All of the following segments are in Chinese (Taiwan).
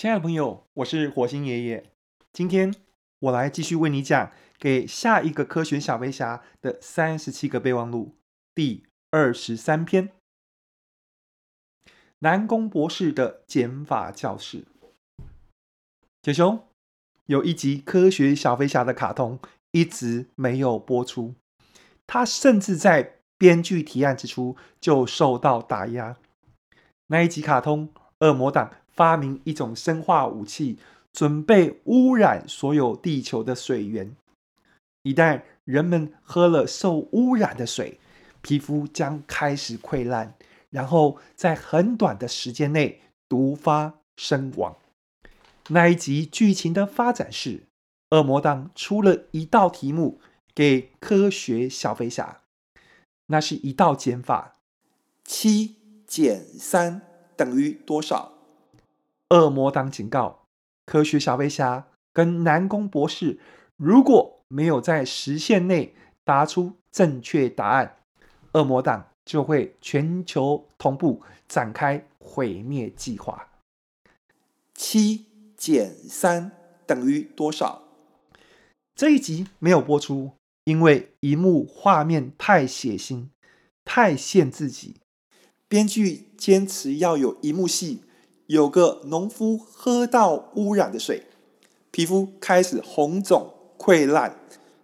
親愛的朋友，我是火星爺爺。今天我來繼續為你講《給下一個科學小飛俠的三十七個備忘錄》第二十三篇——南宮博士的減法教室。小熊有一集《科學小飛俠》的卡通一直沒有播出，他甚至在編劇提案之初就受到打壓。那一集卡通《惡魔黨》，發明一種生化武器，準備污染所有地球的水源。一旦人們喝了受污染的水，皮膚將開始潰爛，然後在很短的時間內毒發身亡。那一集劇情的發展是，惡魔黨出了一道題目給科學小飛俠，那是一道減法：七減三等於多少？惡魔黨警告：科學小飛俠跟南宮博士如果沒有在時限內答出正確答案，惡魔黨就會全球同步展開毀滅計劃。七減三等於多少？這一集沒有播出，因為一幕畫面太血腥，太限自己，編劇堅持要有一幕戲。有個農夫喝到污染的水，皮膚開始紅腫潰爛，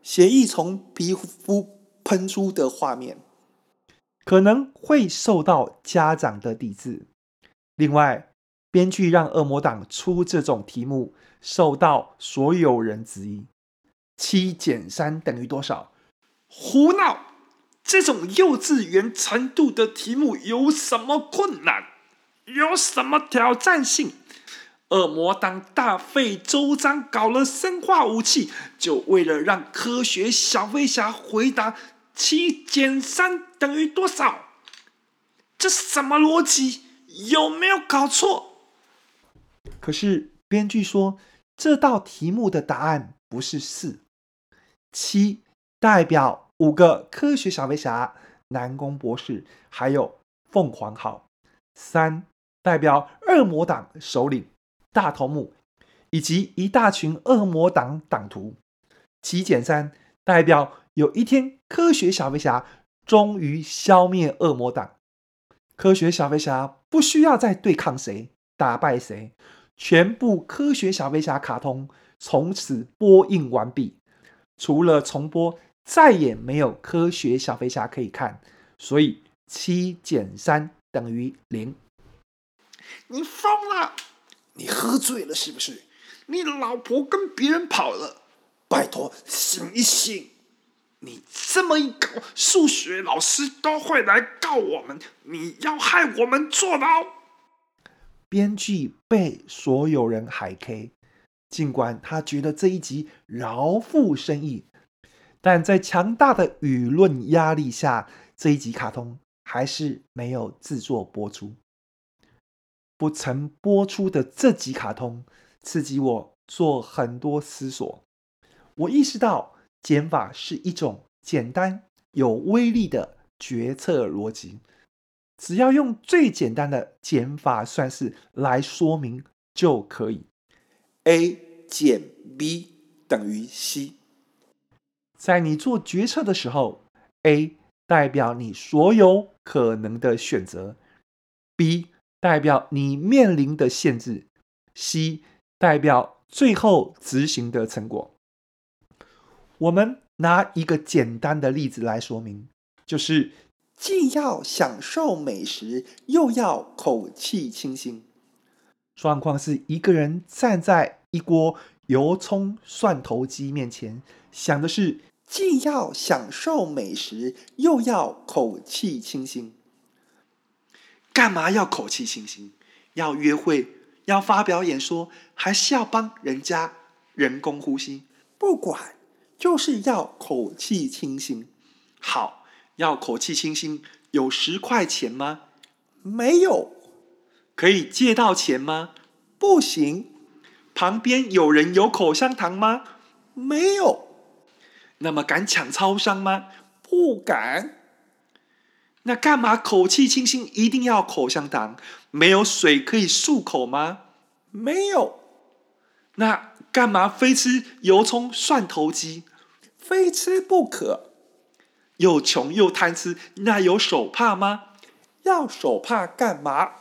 血液從皮膚噴出的畫面，可能會受到家長的抵制。另外，編劇讓惡魔黨出這種題目，受到所有人質疑。七減三等於多少？胡鬧！這種幼稚園程度的題目有什麼困難？有什麼挑戰性？惡魔黨大費周章搞了生化武器，就為了讓科學小飛俠回答七減三等於多少？這是什麼邏輯？有沒有搞錯？可是編劇說這道題目的答案不是四，七代表五個科學小飛俠、南宮博士還有鳳凰號。三，代表惡魔黨首領、大頭目以及一大群惡魔黨黨徒。七減三代表有一天科、科學小飛俠終於消滅惡魔黨，科學小飛俠不需要再對抗誰、打敗誰。全部科學小飛俠卡通從此播映完畢，除了重播，再也沒有科學小飛俠可以看。所以七減三等於零。你瘋了！你喝醉了是不是？你老婆跟別人跑了？拜託，醒一醒！你這麼一搞，數學老師都會來告我們。你要害我們坐牢，哦？編劇被所有人海 K，儘管他覺得這一集饒富深意，但在強大的輿論壓力下，這一集卡通還是沒有製作播出。不曾播出的這集卡通，刺激我做很多思索。我意識到減法是一種簡單有威力的決策邏輯，只要用最簡單的減法算式來說明就可以。A 減 B 等於 C，在你做決策的時候，A 代表你所有可能的選擇，B，代表你面臨的限制，C 代表最後執行的成果。我們拿一個簡單的例子來說明，就是既要享受美食，又要口氣清新。狀況是一個人站在一鍋油蔥蒜頭雞面前，想的是既要享受美食，又要口氣清新。幹嘛要口氣清新？要約會？要發表演說？還是要幫人家人工呼吸？不管，就是要口氣清新。好，要口氣清新，有十塊錢嗎？沒有。可以借到錢嗎？不行。旁邊有人有口香糖嗎？沒有。那麼敢搶超商嗎？不敢。那幹嘛口氣清新一定要口香糖？沒有水可以漱口嗎？沒有。那幹嘛非吃油蔥蒜頭雞？非吃不可。又窮又貪吃，那有手帕嗎？要手帕幹嘛？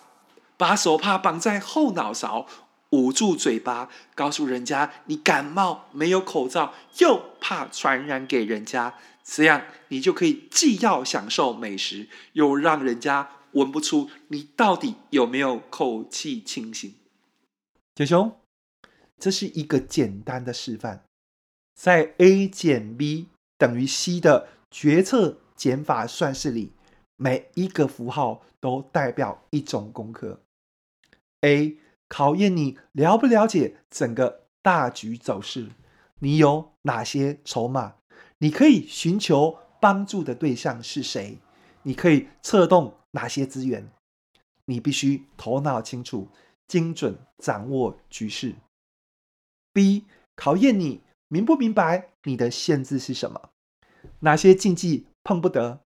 把手帕綁在後腦勺。捂住嘴巴，告訴人家你感冒沒有口罩，又怕傳染給人家，這樣你就可以既要享受美食，又讓人家聞不出你到底有沒有口氣清新。簡兄，這是一個簡單的示範，在 A 減 B 等於 C 的決策減法算式裡，每一個符號都代表一種功課，A，考驗你了不了解整個大局走勢，你有哪些籌碼？你可以尋求幫助的對象是誰？你可以策動哪些資源？你必須頭腦清楚，精準掌握局勢。B，考驗你明不明白你的限制是什麼？哪些禁忌碰不得？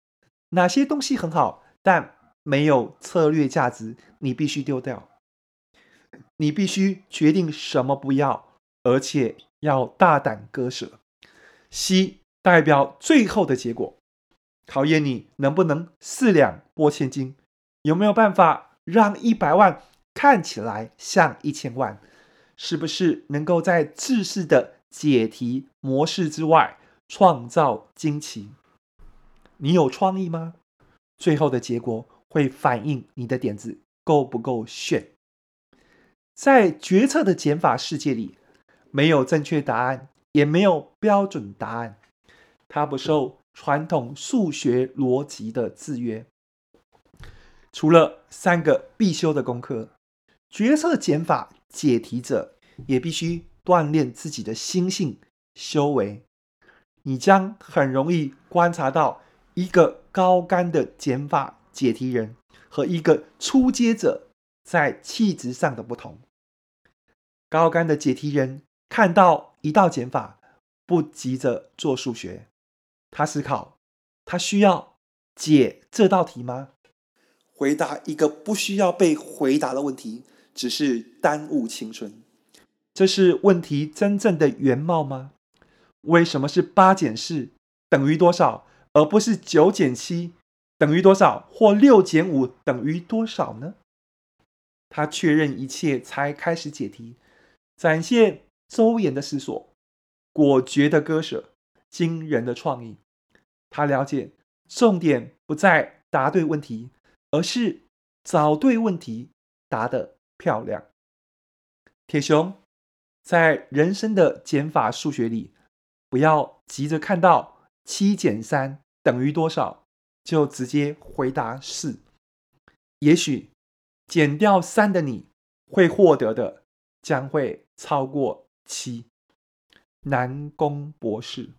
哪些東西很好但沒有策略價值，你必須丟掉。你必須決定什麼不要，而且要大膽割捨。C 代表最後的結果，考驗你能不能四兩撥千斤，有沒有辦法讓一百萬看起來像一千萬？是不是能夠在制式的解題模式之外創造驚奇？你有創意嗎？最後的結果會反映你的點子夠不夠炫。在決策的減法世界裡，沒有正確答案，也沒有標準答案，它不受傳統數學邏輯的制約。除了三個必修的功課，決策減法解題者也必須鍛鍊自己的心性修為。你將很容易觀察到一個高竿的減法解題人和一個初階者在氣質上的不同。高竿的解題人看到一道減法，不急着做數學。他思考：他需要解這道題嗎？回答一個不需要被回答的問題，只是耽誤青春。這是問題真正的原貌嗎？為什麼是八減四等於多少，而不是九減七等於多少，或六減五等於多少呢？他確認一切，才開始解題。展現周延的思索，果決的割舍，驚人的創意。他了解重點不在答對問題，而是找對問題，答得漂亮。鐵雄，在人生的減法數學裡，不要急着看到七減三等於多少，就直接回答四。也許減掉三的你會獲得的，將會超過七。南宮博士。